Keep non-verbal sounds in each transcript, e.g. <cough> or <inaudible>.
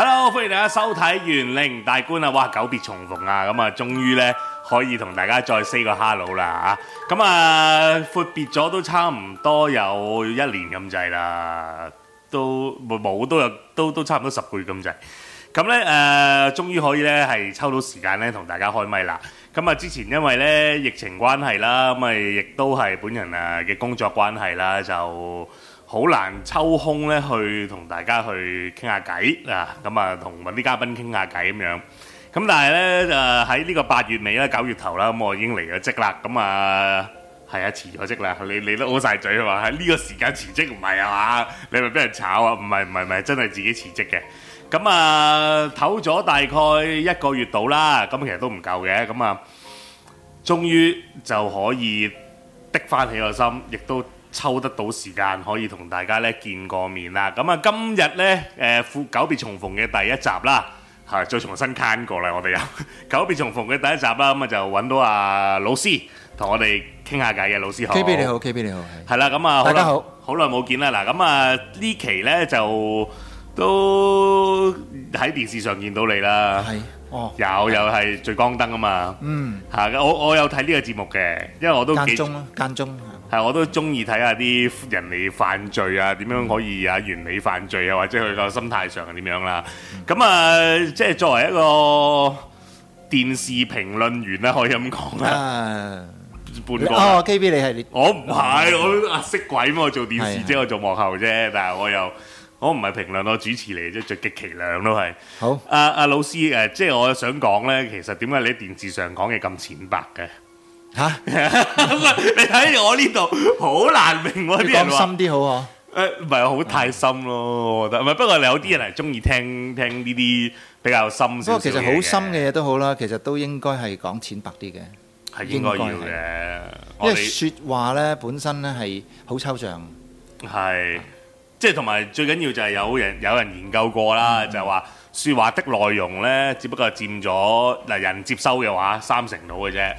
Hello，歡迎大家收睇玄靈大觀，哇，久別重逢啊，終於可以同大家再 say 個 Hello 喇，闊別咗都差唔多，有一年咁滯,好難抽空咧，去同大家去傾下偈啊！咁啊，同揾啲嘉賓傾下偈咁樣。咁但係咧，就喺呢個八月尾啦，九月頭啦，咁我已經離咗職啦。咁啊，係啊，辭咗職啦。你你都屙曬嘴啊嘛？喺呢個時間辭職唔係啊嘛？你係咪俾人炒啊？唔係唔係唔係，真係自己辭職嘅。咁啊，唞咗大概一個月度啦。咁其實都唔夠嘅。咁啊，終於就可以滴翻起個心，亦都，抽得到時間可以同大家咧見過面啦，咁啊今日咧誒久別重逢嘅第一集啦，嚇再重新傾過啦，我哋有久別重逢嘅第一集啦，咁啊就揾到阿老師同我哋傾下偈嘅老師好。K B 你好，K B 你好，係啦，咁啊，大家好好耐冇見啦，嗱咁啊呢期咧就都喺電視上見到你啦，係哦，有又係聚光燈啊嘛，嗯，嚇我我有睇呢個節目嘅，因為我都間中咯，間中。係，我都中意睇下啲人哋犯罪啊，點樣可以啊，完美犯罪啊，或者佢個心態上係點樣啦。咁、嗯、啊，即係作為一個電視評論員咧，可以咁講啦。半個哦，K B，你係我唔係，我，唔係我啊識鬼我做電視啫，我做幕後啫。但係我又，我唔係評論，我主持嚟啫，最極其量都係。好，阿、啊、阿老師誒，即係我想講咧，其實點解你喺電視上講嘢咁淺白嘅？吓，你睇住我呢度好難明喎。啲人話，深啲好啊。誒，唔係好太深咯，我覺得。唔係，不過有啲人係中意聽聽呢啲比較深。不過其實好深嘅嘢都好啦，其實都應該係講淺白啲嘅，係應該要嘅。因為說話咧本身咧係好抽象。係，即係同埋最緊要就係有人有人研究過啦，就係話。說話的內容呢，只不過係佔咗人接收嘅話三成到嘅啫。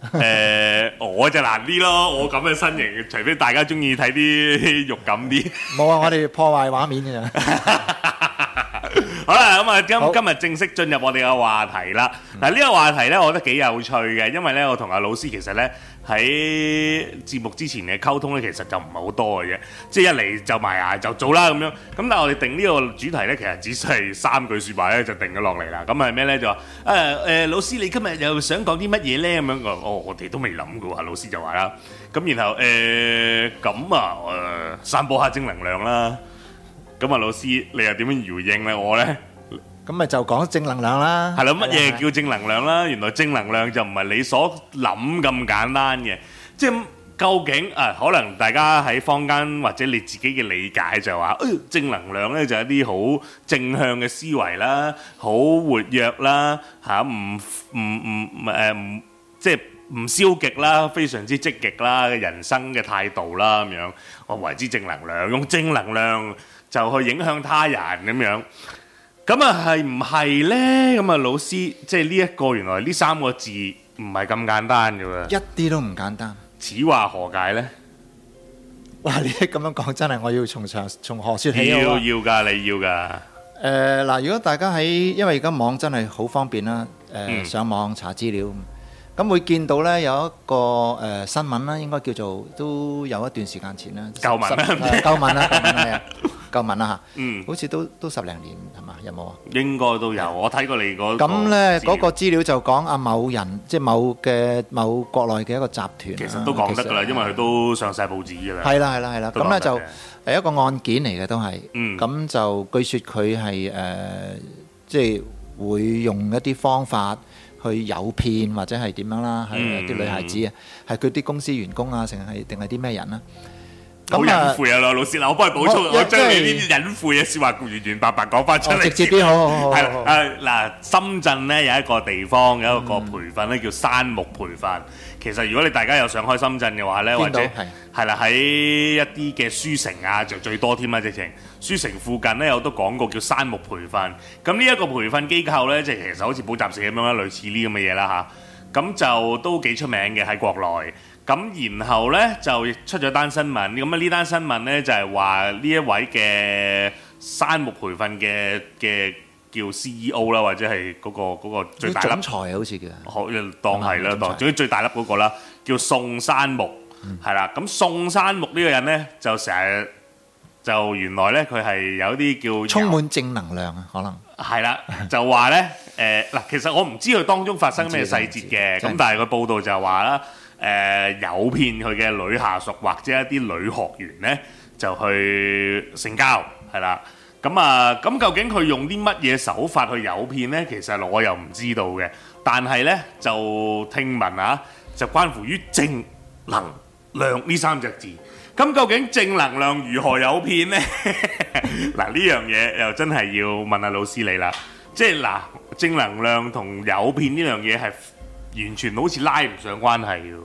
誒、 <laughs> 呃，我就難啲咯，我咁嘅身形，除非大家中意睇啲肉感啲。冇啊，我哋破壞畫面嘅咋。好啦，咁、嗯、啊，今今日正式進入我哋嘅話題啦。嗱、啊、呢、這個話題咧，我覺得幾有趣嘅，因為咧，我同阿老師其實咧。喺節目之前嘅溝通咧，其實就唔係好多嘅啫，即係一嚟就埋牙就做啦咁樣。咁但係我哋定呢個主題咧，其實只需三句説白說話咧就定咗落嚟啦。咁係咩咧？就話誒誒，老師你今日又想講啲乜嘢咧？咁樣我我哋都未諗過喎。老師就話啦，咁然後誒咁啊，誒散播下正能量啦。咁啊，老師你又點樣回應咧？我咧？咁咪就講正能量啦，係啦，乜嘢叫正能量啦？原來正能量就唔係你所諗咁簡單嘅，即係究竟啊，可能大家喺坊間或者你自己嘅理解就話，誒正能量呢就係一啲好正向嘅思維啦，好活躍啦，嚇唔唔唔誒，即係唔消極啦，非常之積極啦嘅人生嘅態度啦咁樣，我為之正能量，用正能量就去影響他人咁樣。咁啊，係唔係咧？咁啊，老師，即係呢一個，原來呢三個字唔係咁簡單噶喎。一啲都唔簡單。此話何解咧？哇，你咁樣講，真係我要從長從何說起啊！要要噶，你要噶。誒，嗱，如果大家喺，因為而家網真係好方便啦，誒，上網查資料，咁會見到咧有一個誒新聞啦，應該叫做都有一段時間前啦，舊聞啦，舊聞啦，係啊，舊聞啦吓，嗯，好似都都十零年。有冇啊？應該都有，我睇過你嗰咁咧，嗰、嗰個資料就講阿某人，即係某嘅某國內嘅一個集團，啊。其實都講得㗎啦，因為佢都上晒報紙嘅啦。係啦，係啦，係啦。咁咧就係一個案件嚟嘅，都係。嗯。咁就據說佢係誒，即係會用一啲方法去誘騙或者係點樣啦，係、嗯、啲女孩子啊，係佢啲公司員工啊，成係定係啲咩人啊？好隱晦啊，老師啦，我幫你補充，哦、我將你啲隱晦嘅説話原原白白講翻出嚟，直接啲 <laughs> 好。係啊，嗱，深圳咧有一個地方有一個培訓咧、嗯、叫山木培訓。其實如果你大家有想開深圳嘅話咧，或者係啦喺一啲嘅書城啊就最多添啦，直情書城附近咧有都廣告叫山木培訓。咁呢一個培訓機構咧，即係其實好似補習社咁樣啦，類似呢咁嘅嘢啦嚇。咁就都幾出名嘅喺國內。咁然後咧就出咗單新聞，咁啊呢單新聞咧就係話呢一位嘅山木培訓嘅嘅叫 CEO 啦，或者係嗰個嗰個最大粒，都總裁啊，好似嘅。學當係啦，當總之最大粒嗰個啦，叫宋山木，係啦。咁宋山木呢個人咧就成日就原來咧佢係有啲叫充滿正能量啊，可能係啦，就話咧誒嗱，其實我唔知佢當中發生咩細節嘅，咁但係佢報道就話啦。誒誘騙佢嘅女下屬或者一啲女學員呢，就去性交係啦。咁啊，咁究竟佢用啲乜嘢手法去誘騙呢？其實我又唔知道嘅。但係呢，就聽聞啊，就關乎於正能量呢三隻字。咁究竟正能量如何誘騙呢？嗱呢樣嘢又真係要問下老師你啦。即係嗱，正能量同誘騙呢樣嘢係。完全好似拉唔上關係㗎喎。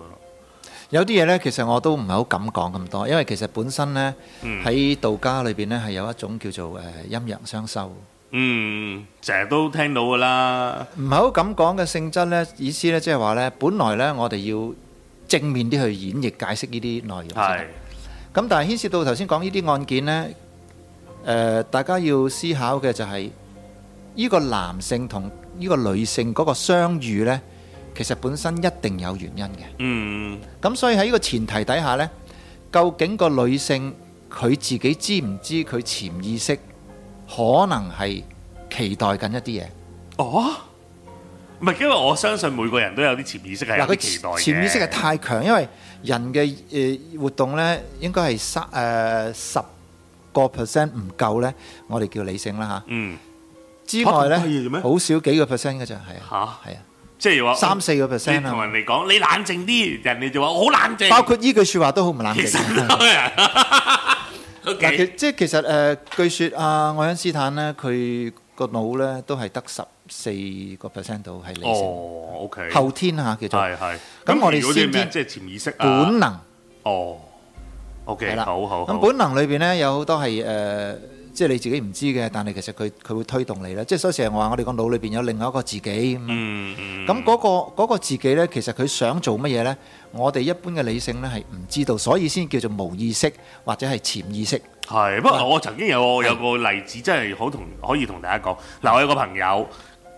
有啲嘢咧，其實我都唔係好敢講咁多，因為其實本身咧喺道家裏邊咧係有一種叫做誒陰陽相修。嗯，成日都聽到噶啦，唔係好敢講嘅性質咧，意思咧即係話咧，本來咧我哋要正面啲去演繹解釋呢啲內容。係咁，但係牽涉到頭先講呢啲案件咧，誒大家要思考嘅就係呢個男性同呢個女性嗰個相遇咧。其實本身一定有原因嘅，嗯，咁所以喺呢個前提底下呢，究竟個女性佢自己知唔知佢潛意識可能係期待緊一啲嘢？哦，唔係，因為我相信每個人都有啲潛意識嘅，嗱，潛意識係太強，因為人嘅誒活動呢應該係三誒十個 percent 唔夠呢。我哋叫理性啦吓，嗯，之外呢，好少幾個 percent 嘅啫，係吓，係啊。即係話三四個 percent 啊、嗯！你同人哋講，你冷靜啲，人哋就話我好冷靜。包括依句説話都好唔冷靜。其實即係 <laughs> 是的、 <laughs> okay. 其實誒、呃，據説阿愛因斯坦咧，佢個腦咧都係得十四個 percent 到係理性。哦、oh,，OK。後天嚇叫做。係係。咁我哋先天即係潛意識啊。本能。哦、oh,，OK。係啦，好好。咁本能裏邊咧有好多係誒。呃即係你自己唔知嘅，但係其實佢佢會推動你啦。即係所以成日我話我哋個腦裏邊有另外一個自己。嗯咁嗰、嗯嗰個嗰個自己呢，其實佢想做乜嘢呢？我哋一般嘅理性呢係唔知道，所以先叫做無意識或者係潛意識。係，不過我曾經有有一個例子，真係好同可以同大家講。嗱，我有一個朋友。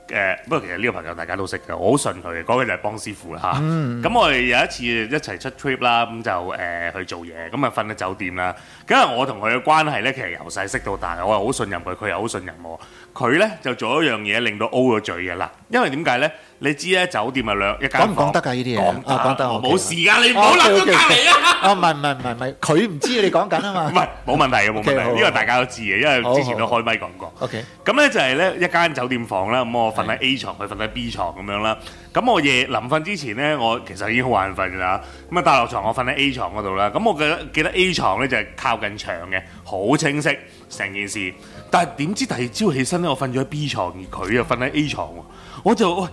誒、呃、不過其實呢個朋友大家都識嘅，我好信佢嘅，嗰位就係幫師傅啦嚇。咁、嗯啊、我哋有一次一齊出 trip 啦，咁、嗯、就誒、呃、去做嘢，咁啊瞓喺酒店啦。咁我同佢嘅關係呢，其實由細識到大，我係好信任佢，佢又好信任我。佢咧就做一樣嘢令到 O 咗嘴嘅啦，因為點解咧？你知咧，酒店啊兩一間房講唔講得㗎？呢啲嘢講啊，講得我冇事㗎，你唔好鬧咗鳩你啊！哦，唔係唔係唔係唔係，佢唔知你講緊啊嘛。唔係冇問題嘅，冇問題。呢個大家都知嘅，因為之前都開咪講過。OK，咁咧就係咧一間酒店房啦，咁我瞓喺 A 牀，佢瞓喺 B 牀咁樣啦。咁我夜臨瞓之前咧，我其實已經好眼瞓㗎啦。咁啊，跌落床，我瞓喺 A 床嗰度啦。咁我記得記得 A 床咧就係靠近牆嘅，好清晰成件事。但係點知第二朝起身咧，我瞓咗喺 B 床，而佢又瞓喺 A 床。我就喂，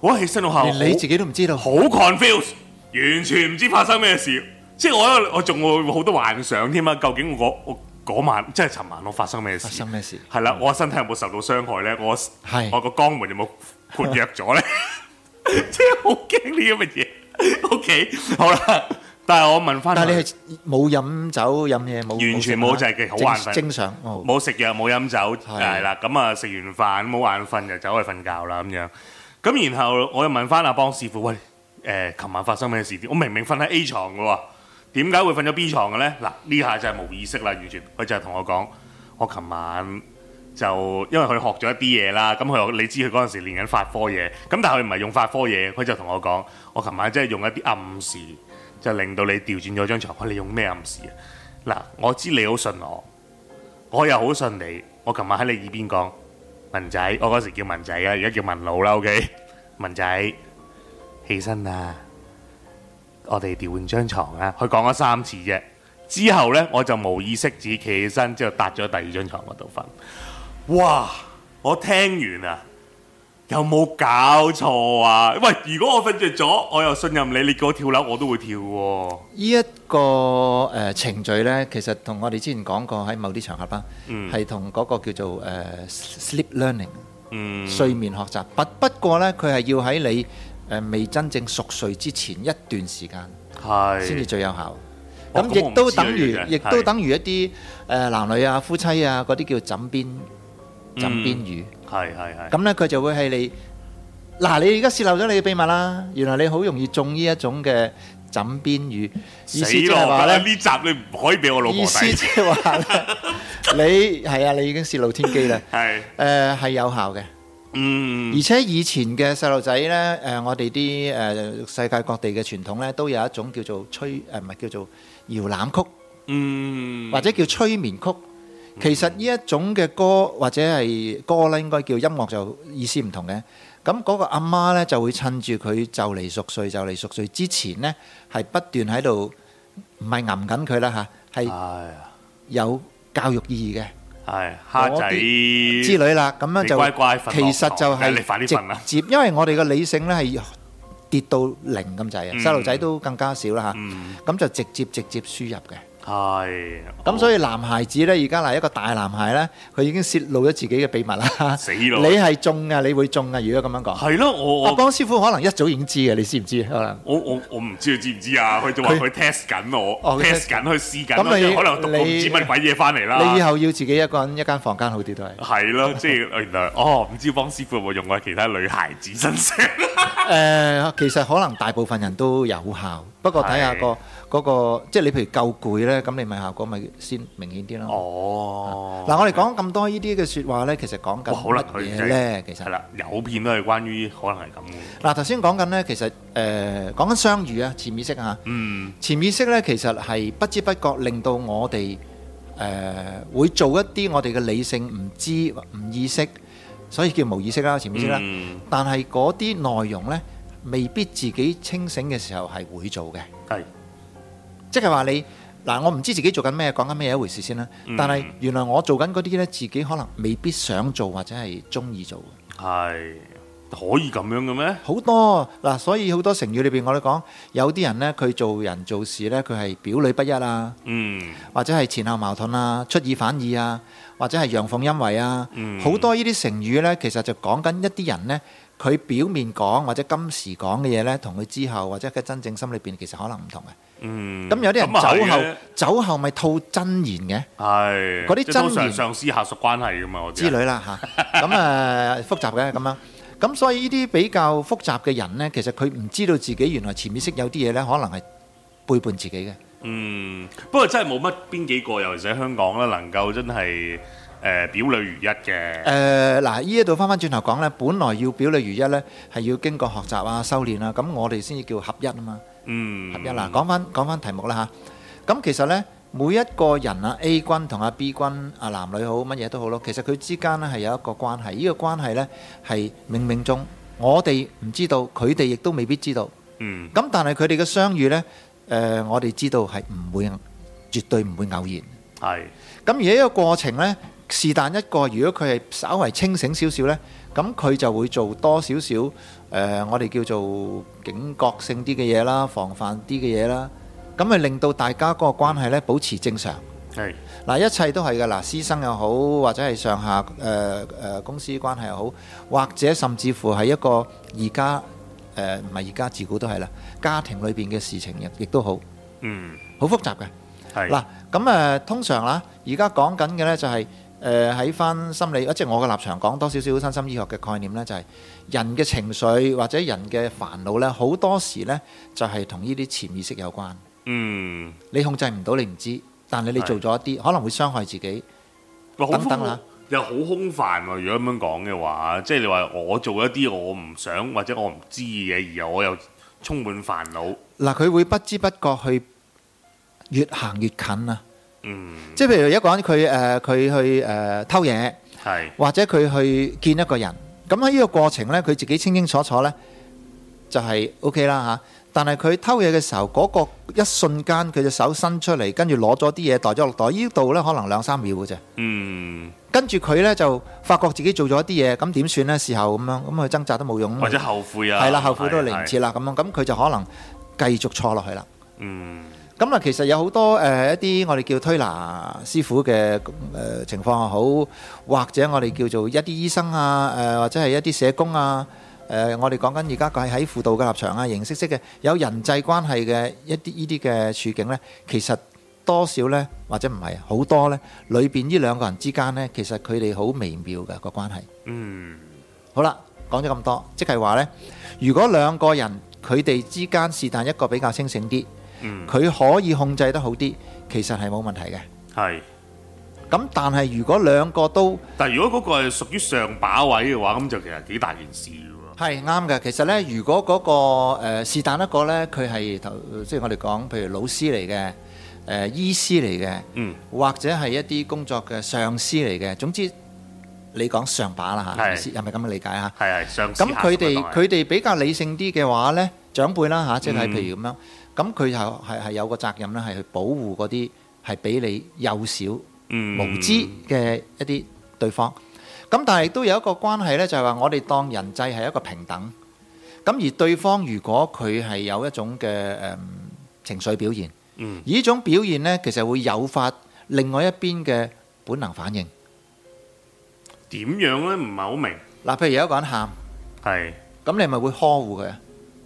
我起身我吓，你自己都唔知道，好 confuse，完全唔知發生咩事。即係我我仲會好多幻想添啊！究竟我嗰我嗰晚即係尋晚我發生咩事？發生咩事？係啦，我身體有冇受到傷害咧？我係我個肛門有冇括約咗咧？即係好驚呢啲乜嘢？OK，好啦，但係我問翻，但係你係冇飲酒飲嘢，冇完全冇就係嘅，好眼瞓，正常，冇食藥，冇飲酒，係啦，咁啊食完飯冇眼瞓就走去瞓覺啦，咁樣。咁然後我又問翻阿邦師傅，喂，誒，琴晚發生咩事？我明明瞓喺 A 床嘅，點解會瞓咗 B 床嘅咧？嗱，呢下就係冇意識啦，完全佢就係同我講，我琴晚。就因為佢學咗一啲嘢啦，咁佢你知佢嗰陣時練緊法科嘢，咁但係佢唔係用法科嘢，佢就同我講：我琴晚真係用一啲暗示，就令到你調轉咗張床。啊，你用咩暗示啊？嗱，我知你好信我，我又好信你。我琴晚喺你耳邊講文仔，我嗰時叫文仔啊，而家叫文佬啦。OK，文仔起身啊，我哋調換張床啊。佢講咗三次啫，之後呢，我就無意識自己企起身，之後搭咗第二張床嗰度瞓。哇！我聽完啊，有冇搞錯啊？喂，如果我瞓着咗，我又信任你，你叫我跳樓，我都會跳，哦。呢一個誒、呃、程序呢，其實同我哋之前講過喺某啲場合啦，係同嗰個叫做誒、呃、sleep learning、嗯、睡眠學習，不不過呢，佢係要喺你，呃、未真正熟睡之前一段時間，係先至最有效。咁亦都等於，亦都等於一啲誒、呃、男女啊、夫妻啊嗰啲叫枕邊。枕邊語係係係，咁咧佢就會係你嗱，你而家洩漏咗你嘅秘密啦。原來你好容易中呢一種嘅枕邊語，意思即係話咧，呢集你唔可以俾我老婆。意思即係話你係啊，你已經洩露天機啦。係誒係有效嘅，嗯，而且以前嘅細路仔咧，誒，我哋啲誒世界各地嘅傳統咧，都有一種叫做催誒唔係叫做搖籃曲，嗯，或者叫催眠曲。其實呢一種嘅歌或者係歌啦，應該叫音樂就意思唔同嘅。咁嗰個阿媽呢就會趁住佢就嚟熟睡，就嚟熟睡之前呢，係不斷喺度唔係吟緊佢啦嚇，係有教育意義嘅，係蝦仔之類啦。咁樣就其實就係直接，因為我哋嘅理性呢係跌到零咁滯，細路仔都更加少啦嚇。咁就直接直接輸入嘅。係，咁所以男孩子咧，而家嗱一個大男孩咧，佢已經泄露咗自己嘅秘密啦。死咯！你係中啊，你會中啊，如果咁樣講。係咯，我我幫師傅可能一早已經知嘅，你知唔知？可能我我我唔知，你知唔知啊？佢仲話佢 test 緊我，test 緊去試緊，咁你可能讀唔知乜鬼嘢翻嚟啦。你以後要自己一個人一間房間好啲，都係。係咯，即係原來哦，唔知幫師傅會用過其他女孩子身上。誒，其實可能大部分人都有效，不過睇下個。嗰、那個即係你，譬如夠攰呢，咁你咪效果咪先明顯啲咯。哦，嗱、啊，我哋講咁多呢啲嘅説話呢，其實講緊乜嘢呢？其實係啦，有片都係關於可能係咁嘅。嗱、啊，頭先講緊呢，其實誒講緊相遇啊，潛意識啊。嗯。潛意識呢，其實係不知不覺令到我哋誒、呃、會做一啲我哋嘅理性唔知唔意識，所以叫無意識啦，潛意識啦、嗯。但係嗰啲內容呢，未必自己清醒嘅時候係會做嘅。係。即係話你嗱，我唔知自己做緊咩，講緊咩一回事先啦，嗯。但係原來我做緊嗰啲咧，自己可能未必想做或者係中意做。係可以咁樣嘅咩？好多嗱，所以好多成語裏邊，我哋講有啲人咧，佢做人做事咧，佢係表裏不一啊。嗯。或者係前後矛盾啊，出爾反爾啊，或者係陽奉陰違啊。嗯。好多呢啲成語咧，其實就講緊一啲人咧，佢表面講或者今時講嘅嘢咧，同佢之後或者佢真正心裏邊，其實可能唔同嘅。嗯，咁有啲人酒後，是的酒後咪吐真言嘅，係，嗰啲真言，上，上司下屬關係噶嘛，我知，之類啦吓，咁 <laughs> 啊，啊複雜嘅咁樣，咁、啊啊、所以呢啲比較複雜嘅人呢，其實佢唔知道自己原來潛意識有啲嘢呢，可能係背叛自己嘅。嗯，不過真係冇乜邊幾個，尤其是喺香港呢，能夠真係誒、呃、表裏如一嘅。誒、呃、嗱，呢一度返返轉頭講呢，本來要表裏如一呢，係要經過學習啊、修煉啊，咁我哋先至叫合一啊嘛。嗯，係啦，嗱，講翻講翻題目啦吓，咁其實咧，每一個人啊，A 君同阿 B 君，啊男女好，乜嘢都好咯，其實佢之間咧係有一個關係，呢個關係咧係冥冥中，我哋唔知道，佢哋亦都未必知道，嗯，咁但係佢哋嘅相遇咧，誒，我哋知道係唔會絕對唔會偶然，係，咁而呢個過程咧，是但一個，如果佢係稍為清醒少少咧，咁佢就會做多少少。誒、呃，我哋叫做警覺性啲嘅嘢啦，防範啲嘅嘢啦，咁咪令到大家個關係呢保持正常。係嗱，一切都係嘅嗱，師生又好，或者係上下誒誒、呃呃、公司關係又好，或者甚至乎係一個而家誒唔係而家自古都係啦，家庭裏邊嘅事情亦亦都好，嗯，好複雜嘅。係嗱，咁、呃、誒、呃、通常啦，而家講緊嘅呢就係、是。誒喺翻心理，即係我嘅立場講多少少身心醫學嘅概念咧，就係、是、人嘅情緒或者人嘅煩惱咧，好多時咧就係同呢啲潛意識有關。嗯，你控制唔到，你唔知，但係你做咗一啲可能會傷害自己，呃、很等等啦，又好空泛喎、啊。如果咁樣講嘅話，即係你話我做一啲我唔想或者我唔知嘅嘢，而我又充滿煩惱，嗱、呃、佢會不知不覺去越行越近啊！嗯，即係譬如一個人佢誒，佢去誒偷嘢，或者佢去見一個人，咁喺呢個過程咧，佢自己清清楚楚咧就係 O K 啦吓。但係佢偷嘢嘅時候，嗰個一瞬間佢隻手伸出嚟，跟住攞咗啲嘢袋咗落袋。呢度咧可能兩三秒嘅啫。嗯，跟住佢咧就發覺自己做咗啲嘢，咁點算咧？事後咁樣，咁佢掙扎都冇用，或者後悔啊，係啦，後悔都嚟唔切啦，咁樣，咁佢就可能繼續錯落去啦。嗯。咁啊，其實有好多誒一啲我哋叫推拿師傅嘅誒情況又好，或者我哋叫做一啲醫生啊，誒或者係一啲社工啊，誒我哋講緊而家佢喺輔導嘅立場啊，形式式嘅有人際關係嘅一啲依啲嘅處境呢，其實多少呢？或者唔係好多呢？裏邊呢兩個人之間呢，其實佢哋好微妙嘅個關係。嗯，好啦，講咗咁多，即係話呢，如果兩個人佢哋之間是但一個比較清醒啲。佢、嗯、可以控制得好啲，其實係冇問題嘅。係，咁但係如果兩個都，但係如果嗰個係屬於上把位嘅話，咁就其實幾大件事嘅喎。係啱嘅，其實呢，如果嗰、嗰個誒是但一個呢，佢係頭，即係我哋講，譬如老師嚟嘅，誒、呃、醫師嚟嘅、嗯，或者係一啲工作嘅上司嚟嘅，總之你講上把啦吓，係，係咪咁嘅理解吓？係係上司咁，佢哋佢哋比較理性啲嘅話呢，長輩啦吓、啊，即係譬如咁樣。嗯咁佢又係係有個責任咧，係去保護嗰啲係俾你幼小、無知嘅一啲對方。咁但係亦都有一個關係咧，就係話我哋當人際係一個平等。咁而對方如果佢係有一種嘅誒情緒表現，而呢種表現咧，其實會誘發另外一邊嘅本能反應。點樣咧？唔係好明。嗱，譬如有一個人喊，係咁，你係咪會呵護佢啊？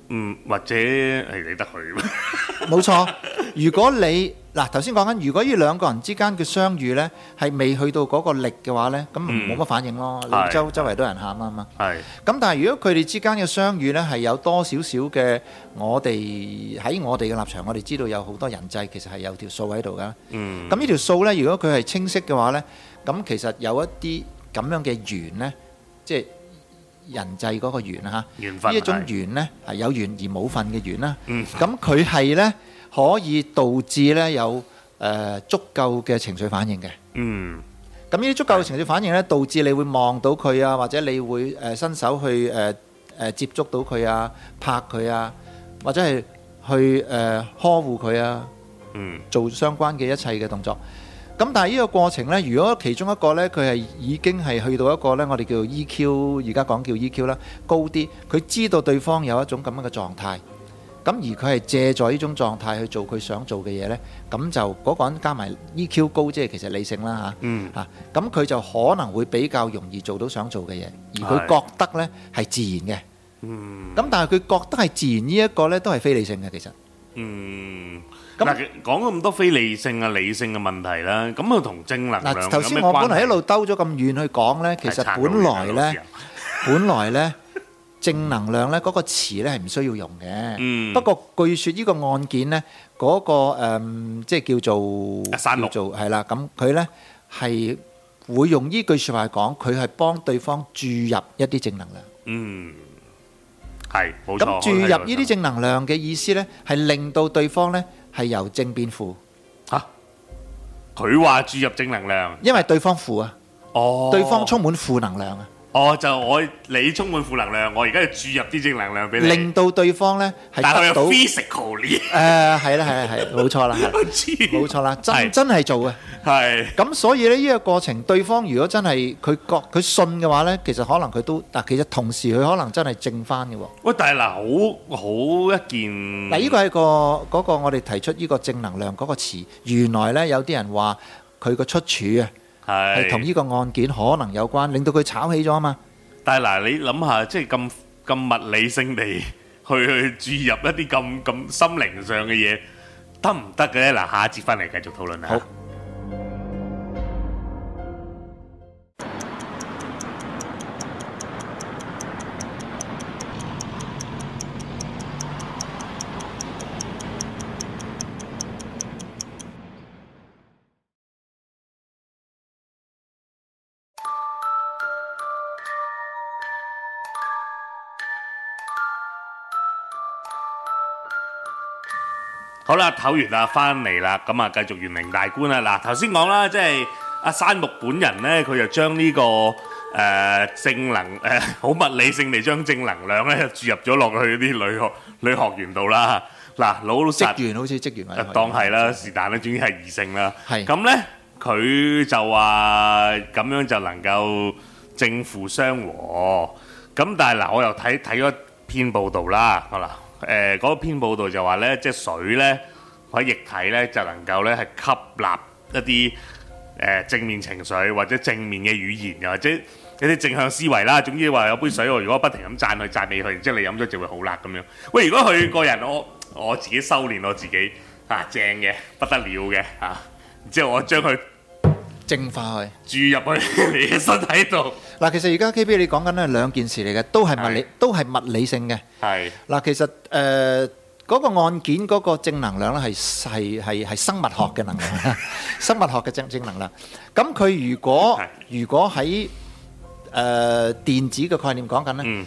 嗯，或者係理得佢冇 <laughs> 錯，如果你嗱頭先講緊，如果呢兩個人之間嘅相遇呢，係未去到嗰個力嘅話呢，咁冇乜反應咯。嗯、周周圍都人喊啊嘛。係。咁但係如果佢哋之間嘅相遇呢，係有多少少嘅，我哋喺我哋嘅立場，我哋知道有好多人際，其實係有條數喺度㗎。嗯。咁呢條數呢，如果佢係清晰嘅話呢，咁其實有一啲咁樣嘅緣呢，即係。人際嗰個緣啊，呢一種緣呢，係有緣而冇份嘅緣啦。嗯。咁佢係呢，可以導致呢有誒、呃、足夠嘅情緒反應嘅。嗯。咁呢啲足夠嘅情緒反應呢，導致你會望到佢啊，或者你會誒伸手去誒、呃、接觸到佢啊，拍佢啊，或者係去誒、呃、呵護佢啊。做相關嘅一切嘅動作。咁但係呢個過程呢，如果其中一個呢，佢係已經係去到一個呢，我哋叫做 EQ，而家講叫 EQ 啦，高啲，佢知道對方有一種咁樣嘅狀態，咁而佢係借助呢種狀態去做佢想做嘅嘢呢。咁就嗰、嗰個人加埋 EQ 高，即係其實理性啦嚇，嚇、嗯啊，咁佢就可能會比較容易做到想做嘅嘢，而佢覺得呢係自然嘅，咁、嗯、但係佢覺得係自然呢一個呢，都係非理性嘅其實。嗯。咁講咁多非理性啊、理性嘅問題啦，咁啊同正能量有咩關？嗱，頭先我本來一路兜咗咁遠去講呢，其實本來呢，本來呢，正能量呢嗰個詞呢係唔需要用嘅。嗯。不過據說呢個案件呢，嗰個誒即係叫做，叫做係啦，咁佢呢係會用呢句説話嚟講，佢係幫對方注入一啲正能量。嗯。係，冇錯。咁注入呢啲正能量嘅意思呢，係令到對方呢。係由正變負嚇，佢話注入正能量，因為對方負啊、哦，對方充滿負能量啊。我就我你充滿負能量，我而家要注入啲正能量俾你，令到對方咧，係到 physical，誒，係啦，係係冇錯啦，冇錯啦，真真係做嘅係咁。所以咧呢個過程，對方如果真係佢覺佢信嘅話咧，其實可能佢都但係其實同時佢可能真係正翻嘅喎。喂，但係嗱，好好一件嗱，呢個係個嗰個我哋提出呢個正能量嗰個詞，原來咧有啲人話佢個出處啊。係同呢個案件，可能有關，令到佢炒起咗啊嘛。但係嗱，你諗下，即係咁咁物理性地去去注入一啲咁咁心靈上嘅嘢，得唔得嘅咧？嗱，下一節翻嚟繼續討論好啦，唞完啦，翻嚟啦，咁啊，繼續玄靈大觀啦。嗱，頭先講啦，即係阿山木本人咧，佢就將呢個誒正能量誒好物理性嚟將正能量咧注入咗落去啲女學女學員度啦。嗱，老職員好似職員位，當係啦，是但咧，總之係異性啦。咁咧，佢就話咁樣就能夠正負相和。咁但係嗱，我又睇睇咗篇報道啦，嗱。誒、呃、嗰篇報道就話咧，即係水咧喺液體咧就能夠咧係吸納一啲誒、呃、正面情緒或者正面嘅語言，又或者一啲正向思維啦。總之話有杯水，我如果不停咁讚佢讚美你佢，然之後你飲咗就會好辣咁樣。喂，如果佢個人我我自己修煉我自己啊正嘅不得了嘅嚇，然之後我將佢蒸化去注入去你嘅身體度。嗱，其實而家 K P 你講緊咧兩件事嚟嘅，都係物理，都係物理性嘅。係。嗱，其實誒嗰個案件嗰個正能量咧，係係係係生物學嘅能量，生物學嘅正正能量。咁佢如果如果喺誒電子嘅概念講緊咧，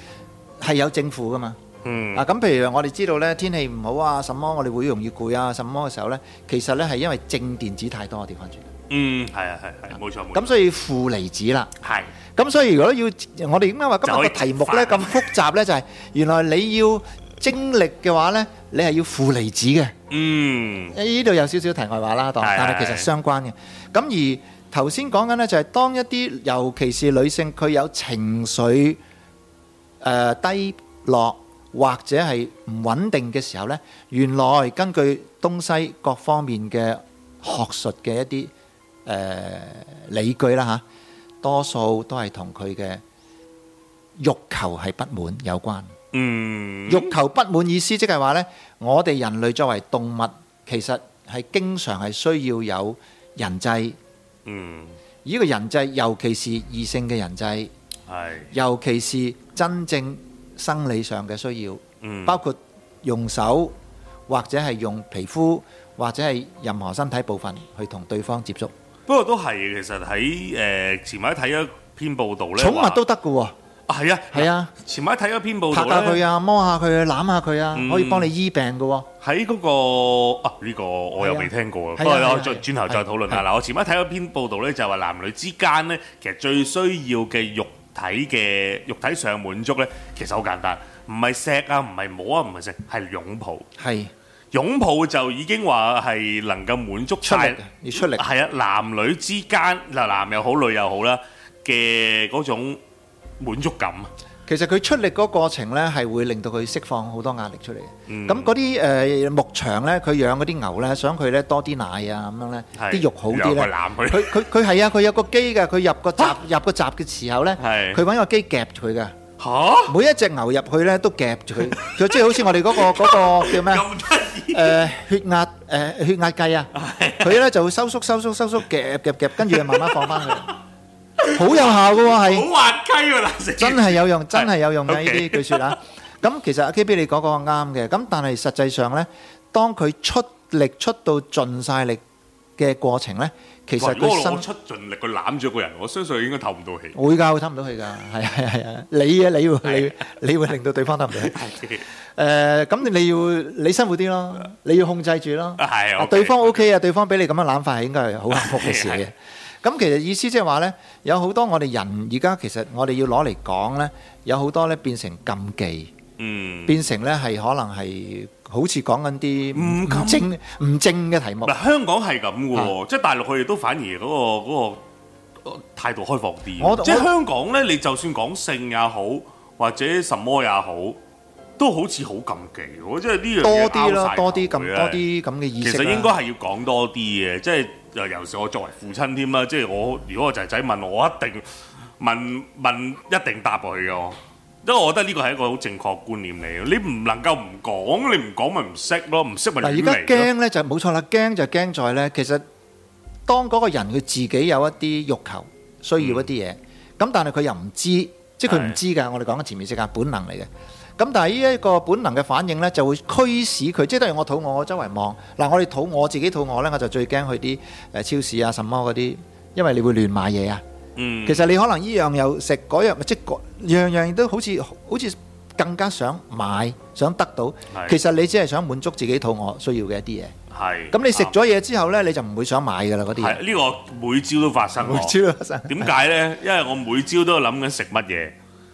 係有正負噶嘛？嗯。啊，咁譬如我哋知道咧天氣唔好啊，什麼我哋會容易攰啊，什麼嘅時候咧，其實咧係因為正電子太多調翻轉。嗯，係啊，係啊，冇錯，冇錯。咁所以負離子啦，係。咁所以如果要我哋點解話今日個題目咧咁複雜咧，就係原來你要精力嘅話咧，你係要負離子嘅。嗯。呢度有少少題外話啦，但係其實相關嘅。咁而頭先講緊咧，就係當一啲尤其是女性佢有情緒誒低落或者係唔穩定嘅時候咧，原來根據東西各方面嘅學術嘅一啲。誒、呃，理據啦吓，多數都係同佢嘅欲求係不滿有關。嗯，欲求不滿意思即係話呢：我哋人類作為動物，其實係經常係需要有人際。嗯，呢個人際，尤其是異性嘅人際，尤其是真正生理上嘅需要，包括用手或者係用皮膚或者係任何身體部分去同對方接觸。不、那、過、個、都係，其實喺誒前排睇咗篇報道咧，寵物都得嘅喎。啊，係啊，係啊。前排睇咗篇報道咧，拍下佢啊，摸下佢啊，攬下佢啊、嗯，可以幫你醫病嘅喎、啊。喺嗰、那個啊呢、這個我又未、啊、聽過，啊、不過我再轉頭再討論下嗱、啊啊啊啊啊。我前排睇咗篇報道咧，就係話男女之間咧，其實最需要嘅肉體嘅肉體上滿足咧，其實好簡單，唔係錫啊，唔係摸啊，唔係錫，係擁抱。係。擁抱就已經話係能夠滿足曬，出力，要出力，係啊，男女之間嗱，男又好女又好啦嘅嗰種滿足感啊。其實佢出力嗰過程咧，係會令到佢釋放好多壓力出嚟嘅。咁嗰啲誒牧場咧，佢養嗰啲牛咧，想佢咧多啲奶啊，咁樣咧啲肉好啲咧。佢佢佢係啊，佢有個機嘅，佢入個閘入個閘嘅時候咧，佢揾個機夾佢㗎。嚇！每一隻牛入去咧都夾住佢，佢即係好似我哋嗰個嗰個叫咩？咁得意！誒，血壓誒，血壓計啊，佢咧就會收縮收縮收縮夾夾夾，跟住就慢慢放翻佢，好有效嘅喎係。好滑稽喎！真係有用，真係有用㗎！呢啲據説啊，咁其實阿 KB，你講講啱嘅，咁但係實際上咧，當佢出力出到盡晒力嘅過程咧。其實個伸出盡力，去攬住一個人，我相信應該透唔到氣，氣。會 <laughs> 㗎、啊，會透唔到氣㗎。係啊係啊係啊，你啊你，要 <laughs> 你要，你會令到對方透唔到氣。誒、 <laughs> 呃，咁你要你辛苦啲咯，你要控制住咯。係 <laughs> 啊， <laughs> 對方 OK 啊，對方俾你咁樣攬法，應該係好幸福嘅事嘅。咁 <laughs> 其實意思即係話咧，有好多我哋人而家其實我哋要攞嚟講咧，有好多咧變成禁忌，嗯，變成咧係可能係。好似講緊啲唔正唔正嘅題目。唔，香港係咁喎，即係大陸佢哋都反而嗰、嗰個嗰、嗰個、態度開放啲。即係香港咧，你就算講性也好，或者什麼也好，都好似好禁忌喎。即係呢樣嘢多啲啦，多啲咁多啲咁嘅意識、啊。其實應該係要講多啲嘅，即係尤其我作為父親添啦。即係我如果我仔仔問我一問問，一定問問一定答佢嘅。因為我覺得呢個係一個好正確嘅觀念嚟嘅，你唔能夠唔講，你唔講咪唔識咯，唔識咪而家驚呢就冇錯啦，驚就驚在呢。其實當嗰個人佢自己有一啲欲求，需要一啲嘢，咁、嗯、但係佢又唔知，即係佢唔知㗎。我哋講緊潛意識啊，本能嚟嘅。咁但係呢一個本能嘅反應呢，就會驅使佢，即係例如我肚餓，我周圍望。嗱，我哋肚餓自己肚餓呢，我就最驚去啲誒超市啊，什麼嗰啲，因為你會亂買嘢啊。嗯，其實你可能依樣又食嗰樣，咪即係個樣樣都好似好似更加想買，想得到。其實你只係想滿足自己肚餓需要嘅一啲嘢。係，咁你食咗嘢之後呢、嗯，你就唔會想買噶啦嗰啲。係，呢、呢個每朝都發生。每朝都發生。點解呢？ <laughs> 因為我每朝都諗緊食乜嘢，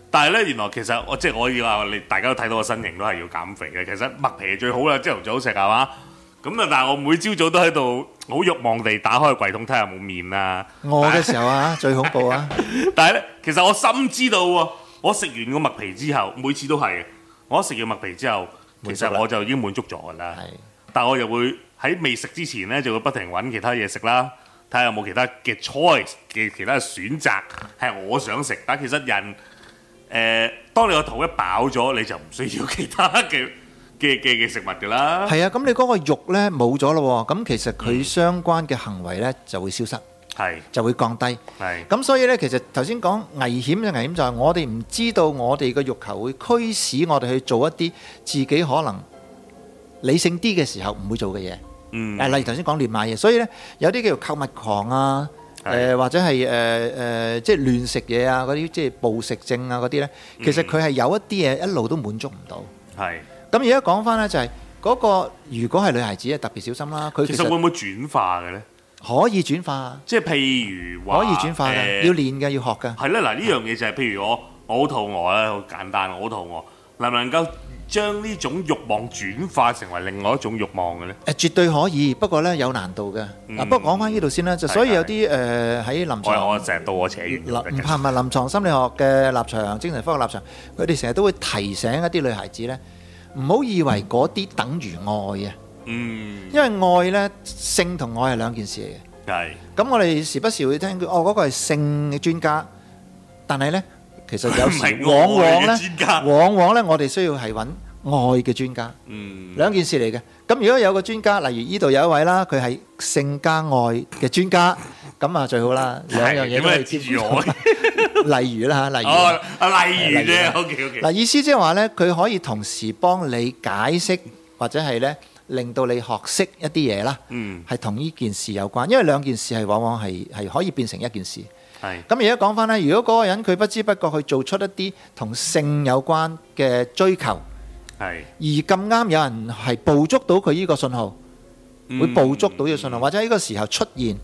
但係呢，原來其實我即係、就是、我可以話你，大家都睇到我身形都係要減肥嘅。其實麥皮最好啦，朝頭早食係嘛。咁啊！但係我每朝早都喺度好慾望地打開櫃桶睇下有冇麵啊！餓嘅時候啊，最恐怖啊！但係咧，其實我心知道喎，我食完個麥皮之後，每次都係我食完麥皮之後，其實我就已經滿足咗噶啦。但係我又會喺未食之前咧，就會不停揾其他嘢食啦，睇下有冇其他嘅 choice 嘅其他選擇係我想食。但係其實人誒，當你個肚一飽咗，你就唔需要其他嘅。嘅食物嘅啦，係啊，咁你嗰個肉呢，冇咗咯，咁其實佢相關嘅行為呢，就會消失，係、嗯、就會降低，係。咁所以呢，其實頭先講危險嘅危險就係我哋唔知道我哋個慾求會驅使我哋去做一啲自己可能理性啲嘅時候唔會做嘅嘢。嗯，例如頭先講亂買嘢，所以呢，有啲叫做購物狂啊，誒、呃、或者係誒誒即係亂食嘢啊嗰啲即係暴食症啊嗰啲呢。其實佢係有一啲嘢一路都滿足唔到，係、嗯。咁而家講翻咧，就係嗰個如果係女孩子咧，特別小心啦。佢其實會唔會轉化嘅咧？可以轉化，即係譬如話可以轉化嘅，要練嘅、呃，要學嘅。係咧，嗱呢樣嘢就係譬如我，我好肚餓咧，好簡單，我好肚餓，能唔能夠將呢種欲望轉化成為另外一種欲望嘅咧？誒，絕對可以，不過咧有難度嘅。啊、嗯，不過講翻呢度先啦，就所以有啲誒喺臨床我成日都我扯，唔係唔係，臨牀心理學嘅立場，精神科嘅立場，佢哋成日都會提醒一啲女孩子咧。唔好以為嗰啲等於愛啊！嗯，因為愛呢，性同愛係兩件事嚟嘅。係。咁我哋時不時會聽佢，哦嗰個係性嘅專家，但係呢其實有時往往呢，往往呢我哋需要係揾愛嘅專家。嗯，兩件事嚟嘅。咁如果有個專家，例如呢度有一位啦，佢係性加愛嘅專家，咁啊最好啦，兩樣嘢都係接住我。例如啦，例如，啊，例如啫。嗱，意思即係話咧，佢可以同時幫你解釋或者係咧，令到你學識一啲嘢啦。嗯，係同呢件事有關，因為兩件事係往往係係可以變成一件事。係。咁而家講翻咧，如果嗰個人佢不知不覺去做出一啲同性有關嘅追求，係而咁啱有人係捕捉到佢呢個信號，會捕捉到呢個信號，或者呢個時候出現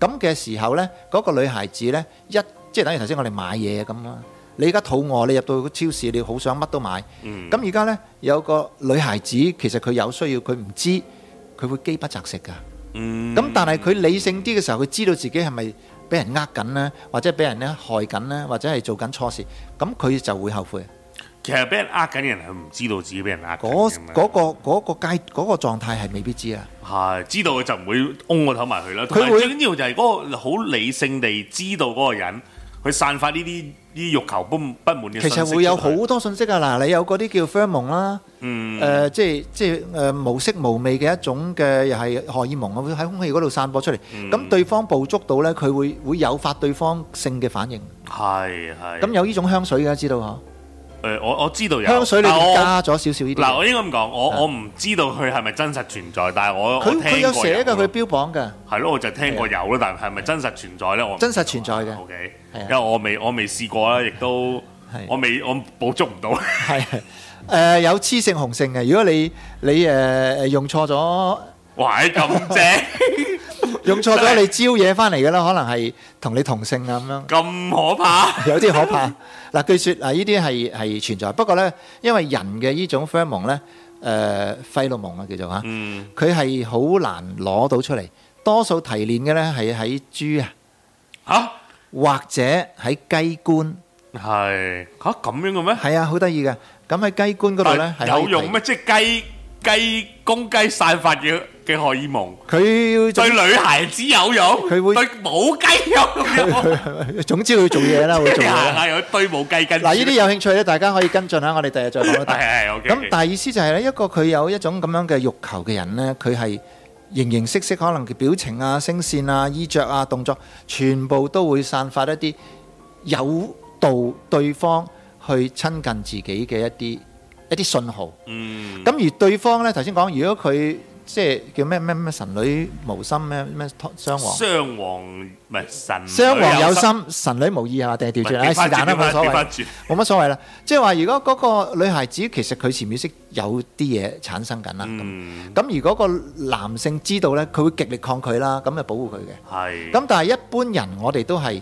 咁嘅時候咧，嗰個女孩子咧一。即係等於頭先我哋買嘢咁啦。你而家肚餓，你入到超市，你好想乜都買。咁而家呢，有個女孩子，其實佢有需要，佢唔知佢會機不擇食噶。咁、嗯、但係佢理性啲嘅時候，佢知道自己係咪俾人呃緊呢？或者俾人咧害緊呢？或者係做緊錯事，咁佢就會後悔。其實俾人呃緊嘅人係唔知道自己俾人呃緊。嗰嗰、嗰個嗰、嗰個階、嗰個、狀態係未必知的啊。係知道佢就唔會掹個頭埋去啦。佢最緊要就係嗰個好理性地知道嗰個人。佢散發呢啲啲欲求不不滿嘅，其實會有好多信息啊！嗱，你有嗰啲叫 pheromone 啦，誒，即係即係誒無色無味嘅一種嘅，又係荷爾蒙啊，會喺空氣嗰度散播出嚟。咁對方捕捉到咧，佢會會誘發對方性嘅反應。係係。咁有呢種香水嘅知道吓。誒、呃、我我知道有，香水。嗱，我加咗少少呢啲。嗱我應該咁講，我我唔知道佢係咪真實存在，但係我佢佢有，有寫嘅，佢標榜嘅。係咯，我就聽過有啦，但係係咪真實存在咧？我唔知真實存在嘅。O、okay? K，因為我未我未試過啦，亦都我未我捕捉唔到。係誒、 <laughs> 呃、有雌性雄性嘅，如果你你誒、呃、用錯咗，喂，咁正。 <laughs> 用錯咗你招嘢返嚟嘅啦，可能係同你同性啊咁樣，咁可怕？有啲可怕？ <laughs> 這麼可怕? firm <laughs> 有點可怕, <laughs> 嘅荷爾蒙，佢對女孩子有用，佢會對冇雞用。總之佢做嘢啦，會做嘢。係對冇雞跟。嗱，呢啲有興趣咧，大家可以跟進啦。我哋第日再講一單。係係，好嘅。咁但係意思就係咧，一個佢有一種咁樣嘅欲求嘅人咧，佢係形形色色，可能嘅表情啊、聲線啊、衣著啊、動作，全部都會散發一啲誘導對方去親近自己嘅一啲一啲信號。嗯。咁而對方咧，頭先講，如果佢即係叫咩咩咩神女無心咩咩襄王襄王唔係神襄王有心神女無意嚇定係調轉啊是但啦冇所謂冇乜所謂啦即係話如果嗰個女孩子其實佢前面識有啲嘢產生緊啦咁咁如果個男性知道咧佢會極力抗拒啦咁咪保護佢嘅係咁但係一般人我哋都係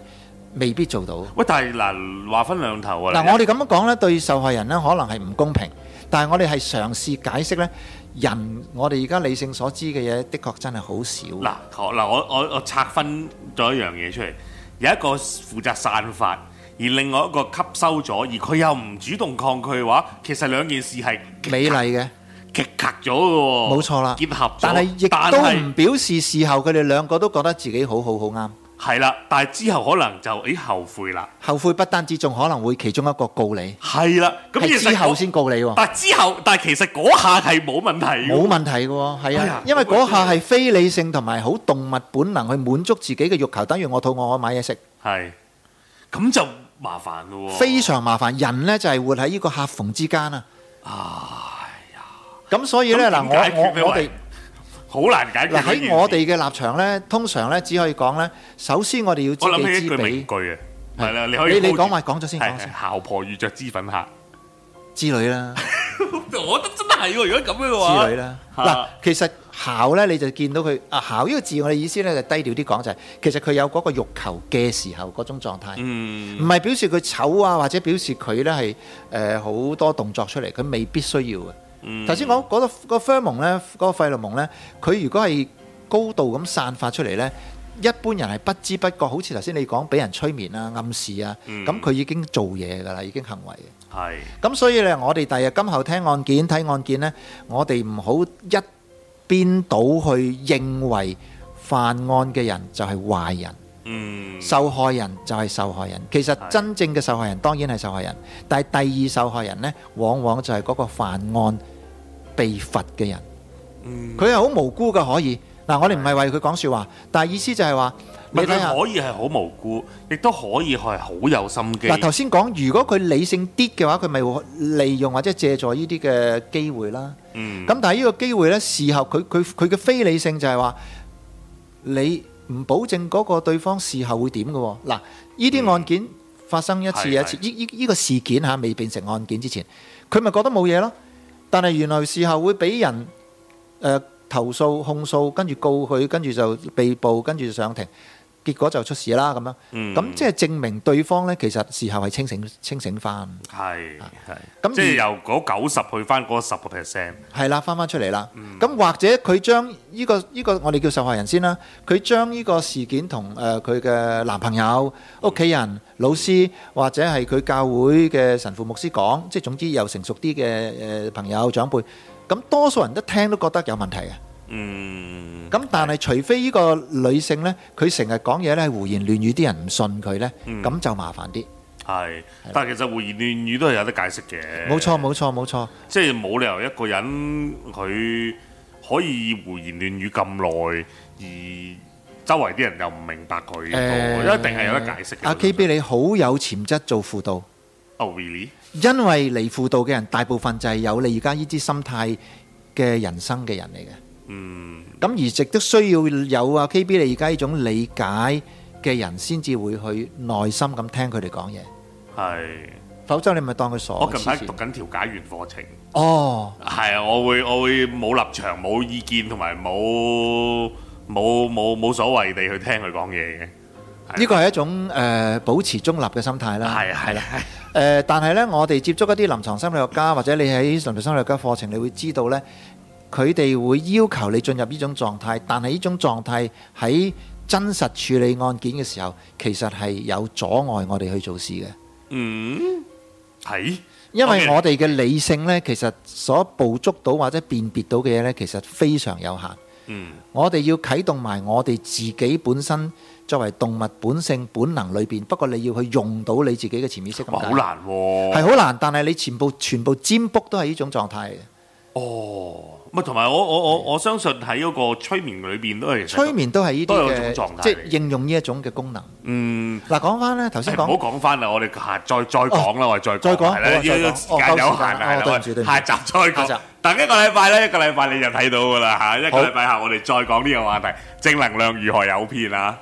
未必做到喂但係嗱話分兩頭啊嗱我哋咁樣講咧對受害人咧可能係唔公平但係我哋係嘗試解釋咧。人我哋而家理性所知嘅嘢，的確真係好少。嗱，嗱，我我我拆分咗一樣嘢出嚟，有一個負責散發，而另外一個吸收咗，而佢又唔主動抗拒嘅話，其實兩件事係美麗嘅，極夾咗喎，冇錯啦，結合，但係亦都唔表示事後佢哋兩個都覺得自己好好好啱。好係啦，但係之後可能就誒後悔啦。後悔不單止，仲可能會其中一個告你。係啦，咁之後先告你喎。但之後，但係其實嗰下係冇問題。冇問題嘅喎，係啊、哎，因為嗰下係非理性同埋好動物本能去滿足自己嘅欲求，等於我肚餓，我買嘢食。係，咁就麻煩咯。非常麻煩，人呢就係、是、活喺呢個客逢之間啊。唉、哎、呀，咁所以呢，嗱，我我我哋。我好難解決。喺我哋嘅立場咧，通常咧只可以講咧，首先我哋要知己知彼。我諗起一句名句啊，係啦，你可以你你講埋講咗先，姣婆遇着脂粉客之類啦。我覺得真係如果咁樣嘅話，之類啦嗱、啊，其實姣咧你就見到佢啊，姣呢個字，我哋意思咧就是、低調啲講就係、是，其實佢有嗰個欲求嘅時候嗰種狀態，唔、嗯、係表示佢醜啊，或者表示佢咧係誒好多動作出嚟，佢未必需要嘅。頭先講嗰個個 pherom 咧，嗰個費洛蒙咧，佢如果係高度咁散發出嚟咧，一般人係不知不覺，好似頭先你講俾人催眠啊、暗示啊，咁佢已經做嘢噶啦，已經行為。係。咁所以咧，我哋第日今後聽案件睇案件咧，我哋唔好一邊倒去認為犯案嘅人就係壞人。嗯，受害人就係受害人。其實真正嘅受害人當然係受害人，但係第二受害人呢，往往就係嗰個犯案被罰嘅人。佢係好無辜㗎，可以。嗱，我哋唔係為佢講說話，但係意思就係話，你睇下可以係好無辜，亦都可以係好有心機。嗱，頭先講，如果佢理性啲嘅話，佢咪利用或者借助呢啲嘅機會啦。嗯，咁但係呢個機會呢，事後佢佢佢嘅非理性就係話你。唔保證嗰個對方事後會點嘅喎，嗱，呢啲案件發生一次一次，呢呢呢個事件嚇未變成案件之前，佢咪覺得冇嘢咯，但係原來事後會俾人誒投訴控訴，跟住告佢，跟住就被捕，跟住就上庭。結果就出事啦，咁樣，咁即係證明對方咧，其實事後係清醒清醒翻。係係，咁即係由嗰九十去翻嗰十個 percent。係啦，翻翻出嚟啦。咁或者佢將依個依個，我哋叫受害人先啦。佢將依個事件同誒佢嘅男朋友、屋企人、老師，或者係佢教會嘅神父、牧師講，即係總之有成熟啲嘅誒朋友、長輩。咁多數人一聽都覺得有問題嘅。嗯，咁但係，除非呢個女性呢，佢成日講嘢呢，胡言亂語，啲人唔信佢呢，咁就麻煩啲。係，但係其實胡言亂語都係有得解釋嘅。冇錯，冇錯，冇錯。即係冇理由一個人佢、嗯、可以胡言亂語咁耐，而周圍啲人又唔明白佢，欸、一定係有得解釋嘅。阿 K 俾你好有潛質做輔導。Oh, really? 因為嚟輔導嘅人大部分就係有你而家呢啲心態嘅人生嘅人嚟嘅。嗯，咁而值得需要有啊 KB 你而家呢種理解嘅人，先至會去耐心咁聽佢哋講嘢。係，否則你咪當佢傻。我近排讀緊調解員課程。哦，係啊，我會我會冇立場、冇意見同埋冇冇冇冇所謂地去聽佢講嘢嘅。呢個係一種誒保持中立嘅心態啦。係係啦，誒，但係呢，我哋接觸一啲臨床心理學家，或者你喺臨床心理學家課程，你會知道呢。佢哋會要求你進入呢種狀態，但係呢種狀態喺真實處理案件嘅時候，其實係有阻礙我哋去做事嘅。嗯，係，因為我哋嘅理性呢，其實所捕捉到或者辨別到嘅嘢呢，其實非常有限。我哋要啟動埋我哋自己本身作為動物本性本能裏邊，不過你要去用到你自己嘅潛意識咁，好難喎，係好難。但係你全部全部佔卜都係呢種狀態。哦，咪同埋我我我我相信喺嗰個催眠裏邊都係催眠都係呢都有種狀態嚟嘅，即係應用呢一種嘅功能。嗯，嗱講翻咧，頭先唔好講翻啦，我哋下再再講啦、哦，我哋再再講啦、啊，要時間,、哦、時間有限啊，下、哦、集再講，等一個禮拜啦，一個禮拜你就睇到噶啦嚇，一個禮拜後我哋再講呢個話題，正能量如何有偏啊？